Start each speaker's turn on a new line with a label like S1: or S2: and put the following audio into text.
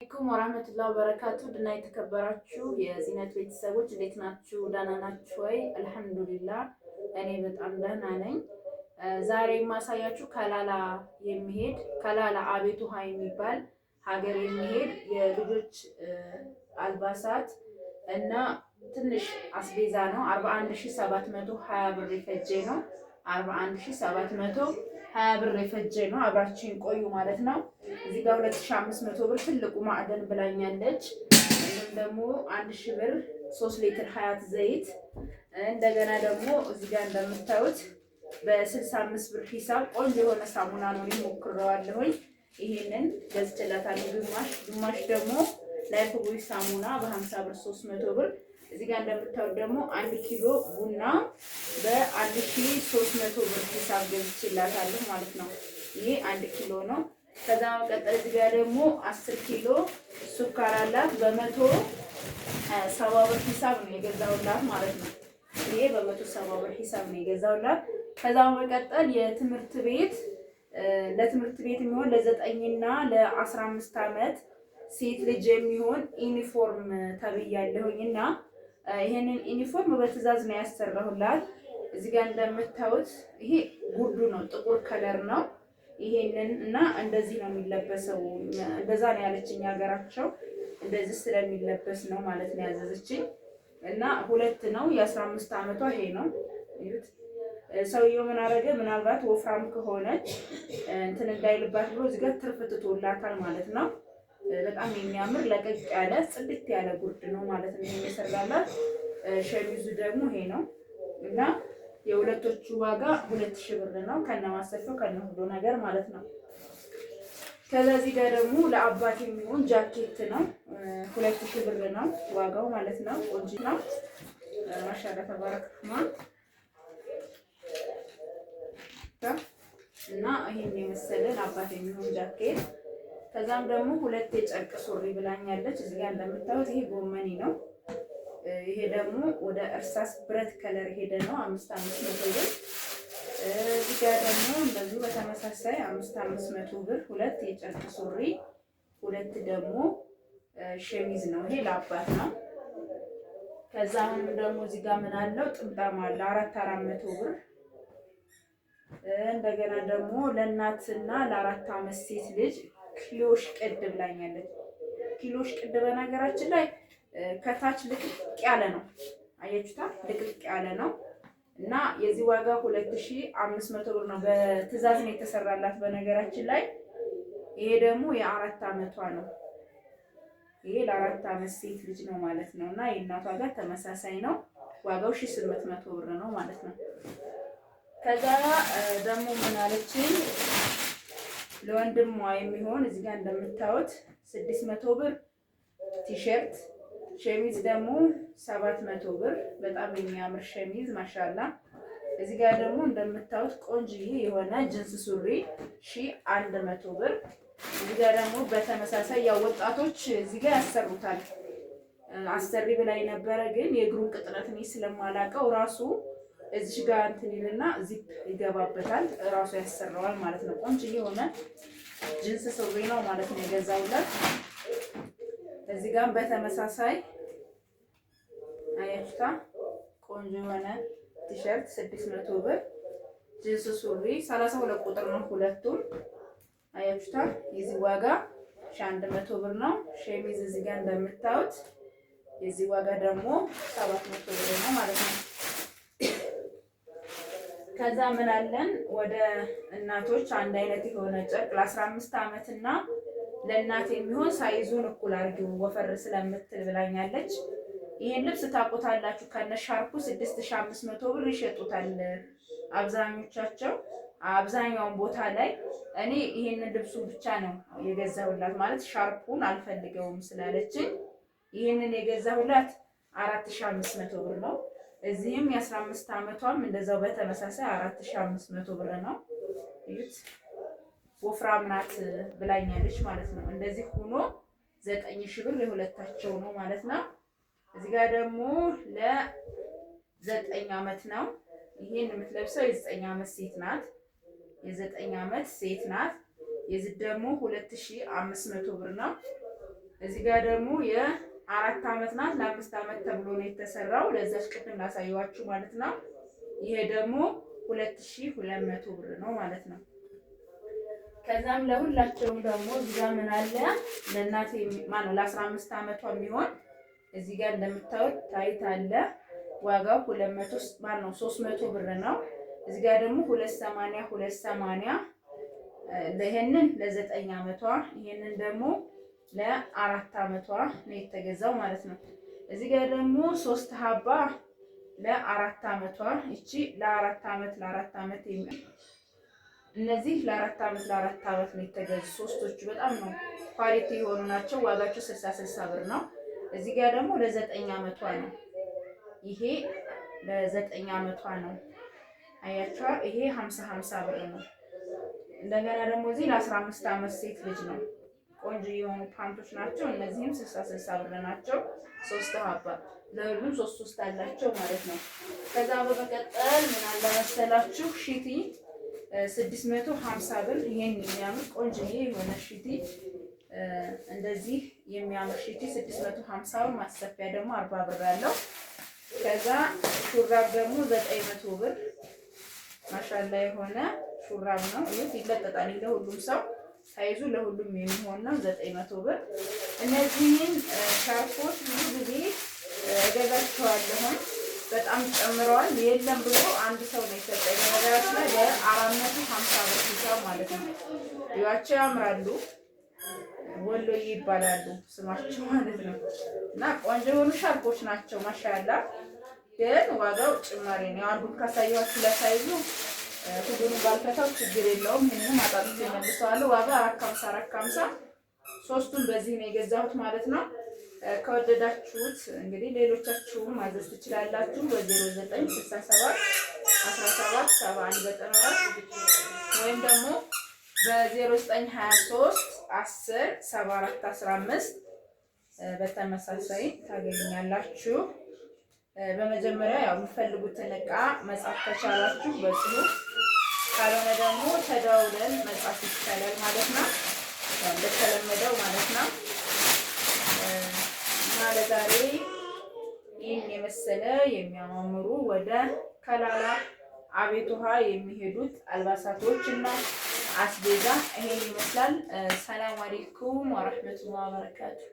S1: አለይኩም ወራህመቱላሂ ወበረካቱ ድና የተከበራችሁ የዚነት ቤተሰቦች እንዴት ናችሁ? ደህና ናችሁ ወይ? አልሐምዱሊላህ እኔ በጣም ደህና ነኝ። ዛሬ የማሳያችሁ ከላላ የሚሄድ ከላላ አቤት ውሃ የሚባል ሀገር የሚሄድ የልጆች አልባሳት እና ትንሽ አስቤዛ ነው። 41720 ብር የፈጀ ነው። 41700 ሀያ ብር የፈጀ ነው። አብራችን ቆዩ ማለት ነው። እዚህ ጋር ሁለት ሺ አምስት መቶ ብር ትልቁ ማዕደን ብላኛለች። እንዲሁም ደግሞ አንድ ሺ ብር ሶስት ሊትር ሀያት ዘይት እንደገና ደግሞ እዚህ ጋር እንደምታዩት በስልሳ አምስት ብር ሂሳብ ቆንጆ የሆነ ሳሙና ነው ሞክረዋለሁኝ። ይህንን ገዝቼላታለሁ። ግማሽ ግማሽ ደግሞ ላይፍ ቦይ ሳሙና በሀምሳ ብር ሶስት መቶ ብር እዚህ ጋር እንደምታዩት ደግሞ አንድ ኪሎ ቡና በአንድ ሺ ሶስት መቶ ብር ሂሳብ ገዝቼላታለሁ ማለት ነው። ይሄ አንድ ኪሎ ነው። ከዛ መቀጠል እዚህ ጋር ደግሞ አስር ኪሎ ሱካር አላት በመቶ ሰባ ብር ሂሳብ ነው የገዛውላት ማለት ነው። ይሄ በመቶ ሰባ ብር ሂሳብ ነው የገዛውላት። ከዛ መቀጠል የትምህርት ቤት ለትምህርት ቤት የሚሆን ለዘጠኝና ለአስራ አምስት ዓመት ሴት ልጅ የሚሆን ዩኒፎርም ተብያለሁኝ እና ይሄንን ዩኒፎርም በትዕዛዝ ነው ያሰራሁላት። እዚህ ጋር እንደምታዩት ይሄ ጉርዱ ነው፣ ጥቁር ከለር ነው። ይሄንን እና እንደዚህ ነው የሚለበሰው። እንደዛ ነው ያለችኝ ሀገራቸው። እንደዚህ ስለሚለበስ ነው ማለት ነው ያዘዘችኝ። እና ሁለት ነው የአስራ አምስት ዓመቷ ይሄ ነው። ሰውየው ምን አረገ? ምናልባት ወፍራም ከሆነች እንትን እንዳይልባት ብሎ እዚህ ጋር ትርፍ ትቶላታል ማለት ነው። በጣም የሚያምር ለቀቅ ያለ ጽድት ያለ ጉርድ ነው ማለት ነው የሚሰራላት። ሸሚዙ ደግሞ ይሄ ነው እና የሁለቶቹ ዋጋ ሁለት ሺህ ብር ነው ከነ ማሰፊያው ከነ ሁሉ ነገር ማለት ነው። ከዚህ ጋር ደግሞ ለአባት የሚሆን ጃኬት ነው። ሁለት ሺህ ብር ነው ዋጋው ማለት ነው። ቆንጆ ነው። ማሻላ ተባረክ እና ይህን የመሰለን አባት የሚሆን ጃኬት ከዛም ደግሞ ሁለት የጨርቅ ሱሪ ብላኛለች። እዚህ ጋር እንደምታዩት ይሄ ጎመኔ ነው። ይሄ ደግሞ ወደ እርሳስ ብረት ከለር ሄደ ነው አምስት አምስት መቶ ብር። እዚህ ጋር ደግሞ እንደዚሁ በተመሳሳይ አምስት አምስት መቶ ብር ሁለት የጨርቅ ሱሪ፣ ሁለት ደግሞ ሸሚዝ ነው። ይሄ ለአባት ነው። ከዛ አሁንም ደግሞ እዚህ ጋር ምን አለው ጥምጣም አለ አራት አራት መቶ ብር እንደገና ደግሞ ለእናትና ለአራት አመት ሴት ልጅ ኪሎሽ ቅድ ብላኛለች። ክሎሽ ቅድ በነገራችን ላይ ከታች ልቅቅ ያለ ነው። አያችሁታ፣ ልቅቅ ያለ ነው እና የዚህ ዋጋ 2500 ብር ነው። በትዕዛዝ ነው የተሰራላት በነገራችን ላይ። ይሄ ደግሞ የአራት አመቷ ነው። ይሄ ለአራት አመት ሴት ልጅ ነው ማለት ነው እና የእናቷ ጋር ተመሳሳይ ነው። ዋጋው 1800 ብር ነው ማለት ነው። ከዛ ደግሞ ምን አለችኝ ለወንድሟ የሚሆን እዚህ ጋር እንደምታዩት ስድስት መቶ ብር ቲሸርት፣ ሸሚዝ ደግሞ ሰባት መቶ ብር። በጣም የሚያምር ሸሚዝ ማሻላ። እዚህ ጋር ደግሞ እንደምታዩት ቆንጅዬ የሆነ ጅንስ ሱሪ ሺ አንድ መቶ ብር። እዚህ ጋር ደግሞ በተመሳሳይ ያው ወጣቶች እዚህ ጋር ያሰሩታል። አሰሪ ብላይ ነበረ፣ ግን የእግሩን ቅጥነት እኔ ስለማላውቀው ራሱ እዚህ ጋር እንትን ይልና ዚፕ ይገባበታል። እራሱ ያሰራዋል ማለት ነው። ቆንጆ የሆነ ጅንስ ሱሪ ነው ማለት ነው የገዛውላት። እዚህ ጋር በተመሳሳይ አያችታ ቆንጆ የሆነ ቲሸርት 600 ብር፣ ጅንስ ሱሪ 32 ቁጥር ነው ሁለቱም። አያችታ የዚህ ዋጋ 100 ብር ነው። ሸሚዝ እዚህ ጋር እንደምታዩት የዚህ ዋጋ ደግሞ 700 ብር ነው ማለት ነው። ከዛ አለን ወደ እናቶች አንድ አይነት የሆነ ጨርቅ ለአስራ አምስት ዓመትና ለእናት የሚሆን ሳይዙን እኩል አድርጊው ወፈር ስለምትል ብላኛለች። ይህን ልብስ ታቆታላችሁ ከነ ሻርፑ ስድስት ሺ አምስት መቶ ብር ይሸጡታል አብዛኞቻቸው አብዛኛውን ቦታ ላይ እኔ ይህንን ልብሱ ብቻ ነው የገዛሁላት። ማለት ሻርፑን አልፈልገውም ስላለችን ይህንን የገዛሁላት አራት ሺ አምስት መቶ ብር ነው። እዚህም የ15 ዓመቷም እንደዛው በተመሳሳይ 4500 ብር ነው። እዩት ወፍራም ናት ብላኛለች ማለት ነው። እንደዚህ ሆኖ 9000 ብር የሁለታቸው ነው ማለት ነው። እዚህ ጋር ደግሞ ለዘጠኝ ዓመት ነው። ይሄን የምትለብሰው የ9 ዓመት ሴት ናት። የዘጠኝ ዓመት ሴት ናት። የዚህ ደግሞ 2500 ብር ነው። እዚህ ጋር ደግሞ የ አራት ዓመት ናት ለአምስት ዓመት ተብሎ ነው የተሰራው። ለዛች ቅድም ላሳየዋችሁ ማለት ነው። ይሄ ደግሞ ሁለት ሺህ ሁለት መቶ ብር ነው ማለት ነው። ከዛም ለሁላቸውም ደግሞ እዚጋ ምን አለ ለእናቴ ማነው ለአስራ አምስት ዓመቷ የሚሆን እዚህ ጋር እንደምታዩት ታይት አለ። ዋጋው ሁለት መቶ ማነው ሶስት መቶ ብር ነው። እዚህ ጋር ደግሞ ሁለት ሰማንያ ሁለት ሰማንያ ይሄንን ለዘጠኝ ዓመቷ ይሄንን ደግሞ ለአራት አመቷ ነው የተገዛው ማለት ነው። እዚህ ጋር ደግሞ ሶስት ሀባ ለአራት አመቷ እቺ ለአራት አመት ለአራት አመት እነዚህ ለአራት ዓመት ለአራት አመት ነው የተገዙ ሶስቶቹ በጣም ነው ኳሊቲ የሆኑ ናቸው። ዋጋቸው ስልሳ ስልሳ ብር ነው። እዚህ ጋር ደግሞ ለዘጠኝ አመቷ ነው ይሄ ለዘጠኝ አመቷ ነው አያቸዋል። ይሄ ሀምሳ ሀምሳ ብር ነው። እንደገና ደግሞ እዚህ ለአስራ አምስት አመት ሴት ልጅ ነው ቆንጆ የሆኑ ፓንቶች ናቸው። እነዚህም ስልሳ ስልሳ ብር ናቸው። ሶስት ሀባ ለሁሉም ሶስት ሶስት አላቸው ማለት ነው። ከዛ በመቀጠል ምን አለ መሰላችሁ ሺቲ ስድስት መቶ ሀምሳ ብር። ይሄን የሚያምር ቆንጆ የሆነ ሺቲ እንደዚህ የሚያምር ሺቲ ስድስት መቶ ሀምሳ ብር። ማሰፊያ ደግሞ አርባ ብር አለው። ከዛ ሹራብ ደግሞ ዘጠኝ መቶ ብር። ማሻላ የሆነ ሹራብ ነው ይህ ይለጠጣል ለሁሉም ሰው ሳይዙ ለሁሉም የሚሆን ነው። ዘጠኝ መቶ ብር። እነዚህን ሻርፖች ብዙ ጊዜ እገዛቸዋለሁኝ። በጣም ጨምረዋል። የለም ብሎ አንድ ሰው ነው የሰጠኝ። ነገራት ላይ በአራት መቶ ሀምሳ ብር ብቻ ማለት ነው። እዩዋቸው፣ ያምራሉ። ወሎዬ ይባላሉ ስማቸው ማለት ነው። እና ቆንጆ የሆኑ ሻርፖች ናቸው። ማሻላ ግን ዋጋው ጭማሪ ነው። አንዱን ካሳየኋችሁ ለሳይዙ ሁሉን ባልፈታው ችግር የለውም። ምንም አጣጥቼ እመልሰዋለሁ። ዋጋ አራት አራት ሶስቱን በዚህ ነው የገዛሁት ማለት ነው። ከወደዳችሁት እንግዲህ ሌሎቻችሁም ማዘዝ ትችላላችሁ። በዜሮ ዘጠኝ ስልሳ ሰባት አስራ ሰባት ሰባ አንድ ዘጠና አራት ወይም ደግሞ በዜሮ ዘጠኝ ሀያ ሶስት አስር ሰባ አራት አስራ አምስት በተመሳሳይ ታገኛላችሁ። በመጀመሪያ ያው የምትፈልጉትን እቃ መጻፍ ከቻላችሁ በጽሁፍ ካልሆነ ደግሞ ተደውለን መጻፍ ይቻላል ማለት ነው። እንደተለመደው ማለት ነው እና ለዛሬ ይህን የመሰለ የሚያማምሩ ወደ ከላላ አቤት ውሃ የሚሄዱት አልባሳቶች እና አስቤዛ ይሄን ይመስላል። ሰላም አሌይኩም ወረህመቱላ በረካቱሁ።